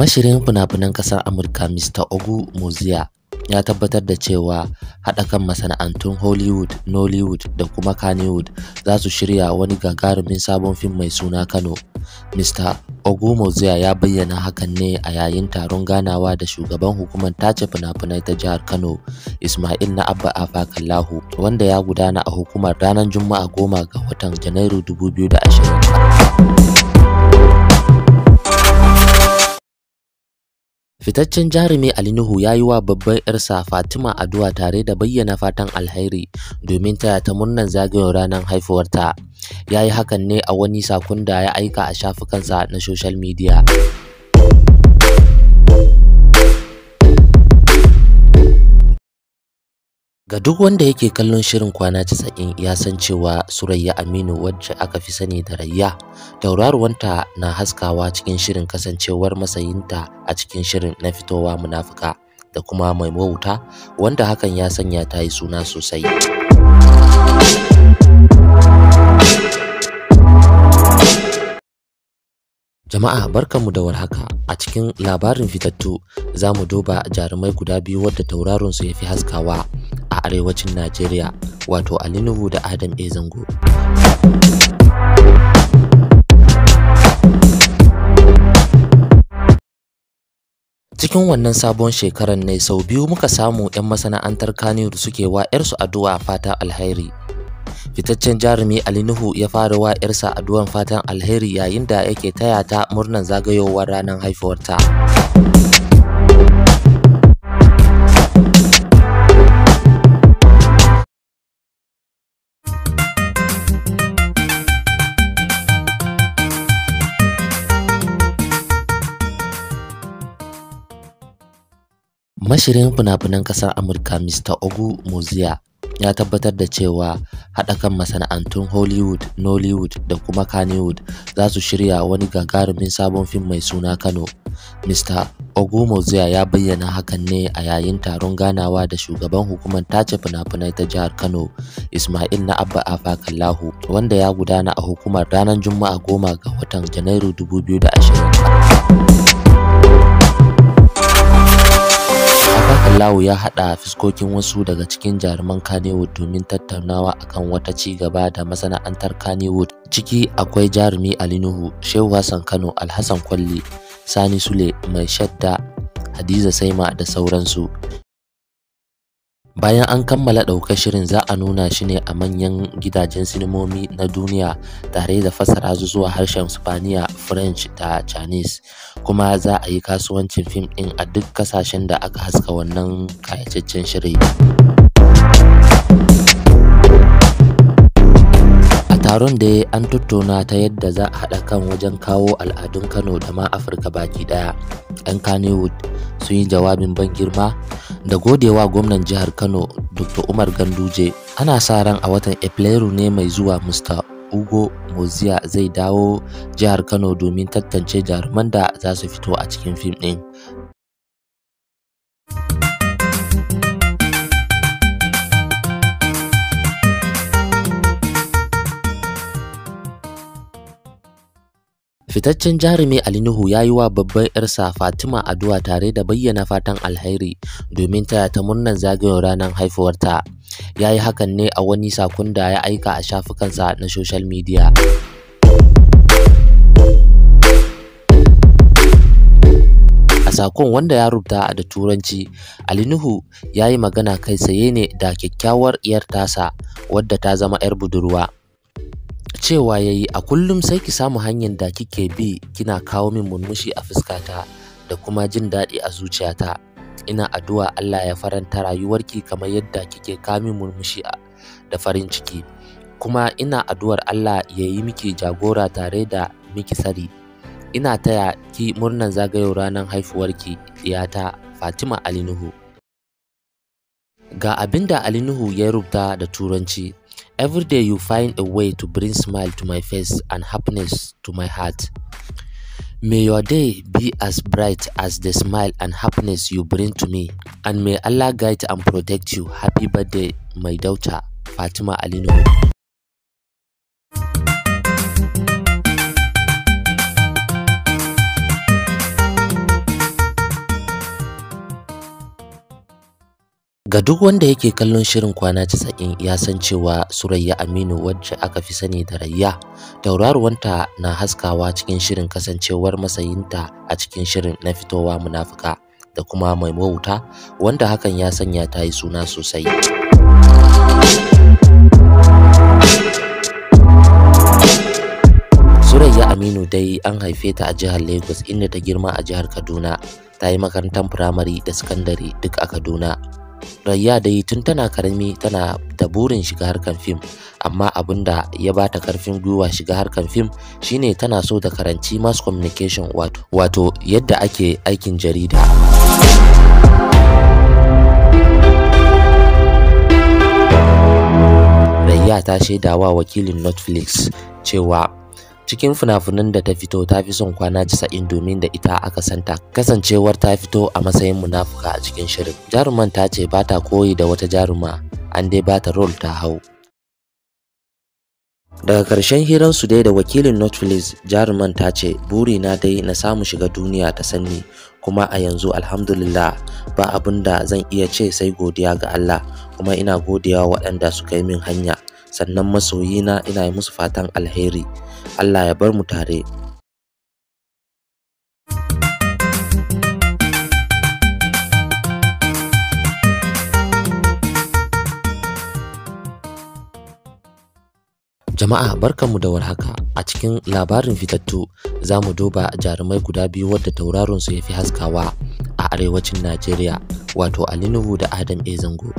Mashirin fina-finan ƙasar Amurka Mr. Ogu Muziya ya tabbatar da cewa haɗa kan masana'antun Hollywood, Nollywood da kuma Kannywood za su shirya wani gagarumin sabon fim mai suna Kano. Mr. Ogu Muziya ya bayyana hakan ne a yayin taron ganawa da shugaban hukumar tace fina-finai ta jihar Kano, Ismail na Abba Afakallahu, wanda ya gudana a hukumar ranar Juma'a goma ga watan Janairu 2020. Fitaccen jarumi Ali Nuhu ya yi wa babban ‘yarsa Fatima addu'a tare da bayyana fatan alheri domin taya ta murnar zagayowar ranar haifuwarta. Ya yi hakan ne a wani sakon da ya aika a shafukansa na soshal midiya. Ga duk wanda yake kallon shirin kwana casa'in ya san cewa Surayya Aminu wacce aka fi sani da Rayya, tauraruwanta na haskawa cikin shirin kasancewar masayinta a cikin shirin na fitowa munafuka da kuma mai mawuta wanda hakan ya sanya ta yi suna sosai. Jama'a barkanmu da warhaka a cikin labarin fitattu za mu duba jarumai guda biyu wadda tauraron su ya fi haskawa a arewacin Najeriya wato Ali Nuhu da Adam ezango cikin wannan sabon shekaran ne sau biyu muka samu 'yan masana'antar da suke wa 'yarsu addu'a fatan alheri fitaccen jarumi ali nuhu ya fara wa 'yarsa addu'an fatan alheri yayin da yake taya ta murnan zagayowar ranar haifuwarta Mashirin fina-finan ƙasar Amurka Mr. Ogu Muzia ya tabbatar da cewa haɗa kan masana'antun Hollywood, Nollywood da kuma Kannywood za su shirya wani gagarumin sabon fim mai suna Kano. Mr. Ogu Muzia ya bayyana hakan ne a yayin taron ganawa da shugaban hukumar tace fina ta jihar Kano, Ismail na Abba Afakallahu, wanda ya gudana a hukumar ranar Juma'a goma ga watan Janairu 2020. Netanyahu ya haɗa fuskokin wasu daga cikin jaruman Kannywood domin tattaunawa akan wata ci gaba da masana'antar Kannywood, ciki akwai jarumi Ali Nuhu, Shehu Hassan Kano, Alhassan Kwalli, Sani Sule, Mai Shadda, Hadiza Saima da sauransu. bayan an kammala ɗaukar shirin za a nuna shi ne a manyan gidajen sinimomi na duniya tare da fasara zuwa harshen spaniya french da chinese kuma za a yi kasuwancin fim ɗin a duk kasashen da aka haska wannan kayataccen shiri taron da an tattauna ta yadda za a haɗa kan wajen kawo al'adun kano da ma afirka baki ɗaya 'yan Kannywood sun yi jawabin ban girma da godewa gwamnan jihar Kano Dr. Umar Ganduje. Ana sa ran a watan Afrilu ne mai zuwa Mr. Ugo Mozia zai dawo jihar Kano domin tantance jaruman da za su fito a cikin fim ɗin. Fitaccen jarumi Ali Nuhu ya yi wa babban 'yarsa Fatima addu'a tare da bayyana fatan alheri domin taya ta murnar zagayowar ranar haifuwarta. Ya yi hakan ne a wani sakon da ya aika a shafukansa na social media. A sakon wanda ya rubuta da Turanci, Ali Nuhu ya yi magana kai tsaye ne da kyakkyawar 'yar tasa wadda ta zama 'yar budurwa. cewa ya yi a kullum sai ki samu hanyar da kike bi kina kawo min murmushi a fuskata da kuma jin daɗi a zuciyata ina addu'a Allah ya faranta rayuwarki kamar yadda kike kamin murmushi da farin ciki kuma ina addu'ar Allah ya yi miki jagora tare da miki sari ina taya ki murnan zagayowar ranar haifuwarki yata Fatima Ali Nuhu ga abinda Ali Nuhu ya rubuta da turanci Every day you find a way to bring smile to my face and happiness to my heart. May your day be as bright as the smile and happiness you bring to me, and may Allah guide and protect you. Happy birthday, my daughter Fatima Alinu. Ga duk wanda yake kallon shirin kwana 90 ya san cewa Surayya Aminu wacce aka fi sani da Rayya, tauraruwanta na haskawa cikin shirin kasancewar masayinta a cikin shirin na fitowa munafuka da kuma mai mawuta wanda hakan ya sanya ta yi suna sosai. Surayya Aminu dai an haife ta a jihar Lagos inda ta girma a jihar Kaduna, ta yi makarantar firamare da sakandare duk a Kaduna. Rayya dai tun tana karami tana da burin shiga harkar fim amma abin da ya bata karfin gwiwa shiga harkar fim shine tana so da karanci mass communication wato yadda ake aikin jarida Rayya ta shaidawa wakilin Netflix cewa cikin funafunan da ta fito ta fi son kwana casa'in domin da ita aka santa kasancewar ta fito a matsayin munafuka a cikin shirin jaruman ta ce ba ta koyi da wata jaruma an dai ba ta rol ta hau daga karshen hirar su dai da wakilin Netflix jaruman ta ce buri na dai na samu shiga duniya ta sanni kuma a yanzu alhamdulillah ba abin da zan iya ce sai godiya ga Allah kuma ina godiya waɗanda suka yi min hanya sannan masoyina ina yi musu fatan alheri Allah ya bar mu tare Jama'a mu da warhaka a cikin labarin fitattu za mu duba jarumai guda biyu wadda tauraron su ya fi haskawa a arewacin Najeriya wato Alinuhu da Adam A. Zango.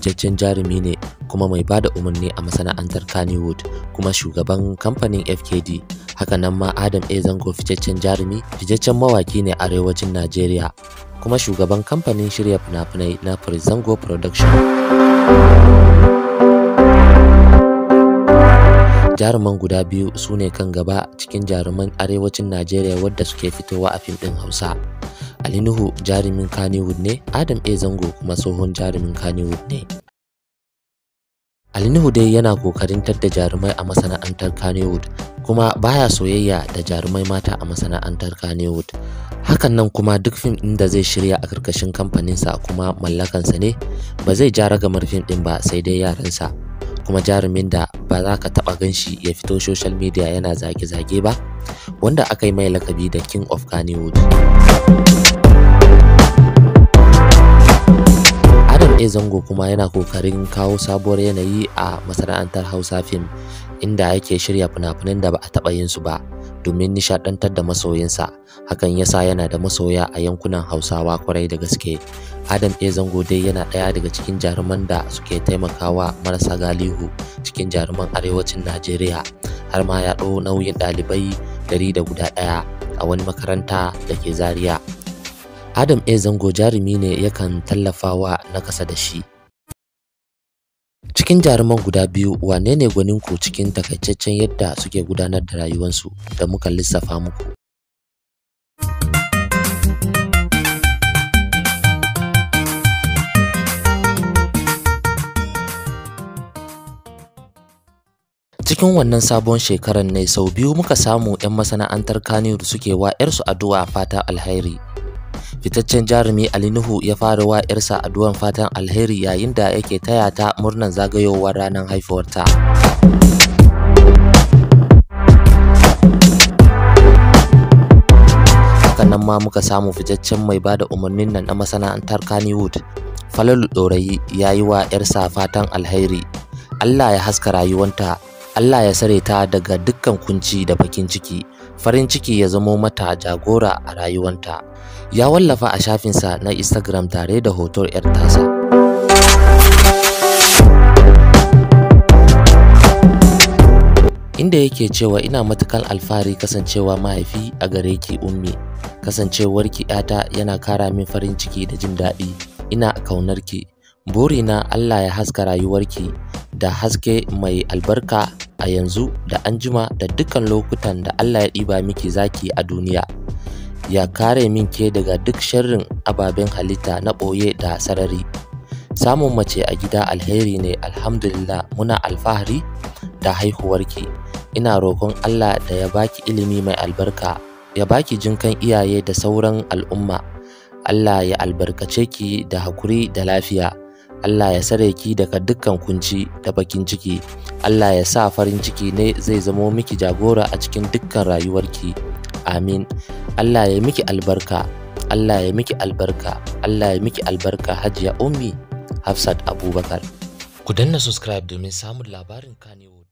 fitaccen jarumi ne kuma mai ba da umarni a masana'antar Kannywood kuma shugaban kamfanin FKD. Haka nan ma Adam A. Zango fitaccen jarumi, fitaccen mawaki ne arewacin Najeriya kuma shugaban kamfanin shirya fina-finai na Zango Production. jaruman guda biyu su ne kan gaba cikin jaruman arewacin najeriya wadda suke fitowa a fim ɗin hausa Ali Nuhu jarumin Kannywood ne, Adam A Zango kuma tsohon jarumin Kannywood ne. Ali Nuhu dai yana kokarin tadda jarumai a masana'antar Kannywood kuma baya soyayya da jarumai mata a masana'antar Kannywood. Hakan nan kuma duk fim ɗin da zai shirya a ƙarƙashin kamfaninsa kuma mallakansa ne, ba zai ja ragamar fim ɗin ba sai dai yaransa. kuma jarumin da ba za ka taɓa gan shi ya fito social media yana zage-zage ba wanda aka yi mai lakabi da king of kannywood adam a zango kuma yana kokarin kawo sabuwar yanayi a masana'antar hausa fim inda yake shirya fina-finan da ba a taɓa yin su ba domin nishadantar da masoyinsa hakan yasa yana da masoya a yankunan hausawa kwarai da gaske adam a zango dai yana ɗaya daga cikin jaruman da suke taimakawa marasa galihu cikin jaruman arewacin najeriya har ma ya ɗau nauyin ɗalibai dari da guda ɗaya a wani makaranta da ke zaria adam a zango jarumi ne yakan tallafawa na kasa da shi Cikin jaruman guda biyu wane ne gwaninku cikin takaitaccen yadda suke gudanar da rayuwarsu da muka lissafa muku? Cikin wannan sabon shekarar ne sau biyu muka samu 'yan masana'antar da suke wa 'yarsu addu'a fata alheri. fitaccen jarumi Ali Nuhu ya fara wa 'yarsa addu'an fatan alheri yayin da yake taya ta murnar zagayowar ranar haifuwarta. nan ma muka samu fitaccen mai ba da umarnin nan na masana'antar Kannywood. Falalu Ɗorayi ya yi wa 'yarsa fatan alheri. Allah ya haska rayuwarta, Allah ya sare ta daga dukkan kunci da bakin ciki. farin ciki ya zamo mata jagora a rayuwanta ya wallafa a shafinsa na instagram tare da hoton 'yar tasa inda yake cewa ina matukan alfahari kasancewa mahaifi a gare ki ummi kasancewarki 'yata yana kara min farin ciki da jin daɗi ina kaunar ki burina allah ya haska rayuwarki da haske mai albarka a yanzu da anjima da dukkan lokutan da Allah ya ɗiba miki zaki a duniya ya kare min ke daga duk sharrin ababen halitta na ɓoye da sarari samun mace a gida alheri ne alhamdulillah muna alfahari da haihuwarki ina roƙon Allah da ya baki ilimi mai albarka ya baki jinkan iyaye da sauran al'umma Allah ya albarkace ki da hakuri da lafiya Allah ya sare ki daga dukkan kunci da bakin ciki Allah ya sa farin ciki ne zai zamo miki jagora a cikin dukkan rayuwarki amin Allah ya miki albarka Allah ya miki albarka Allah ya miki albarka hajiya ummi Hafsat Abubakar ku danna subscribe domin samun labarin Kannywood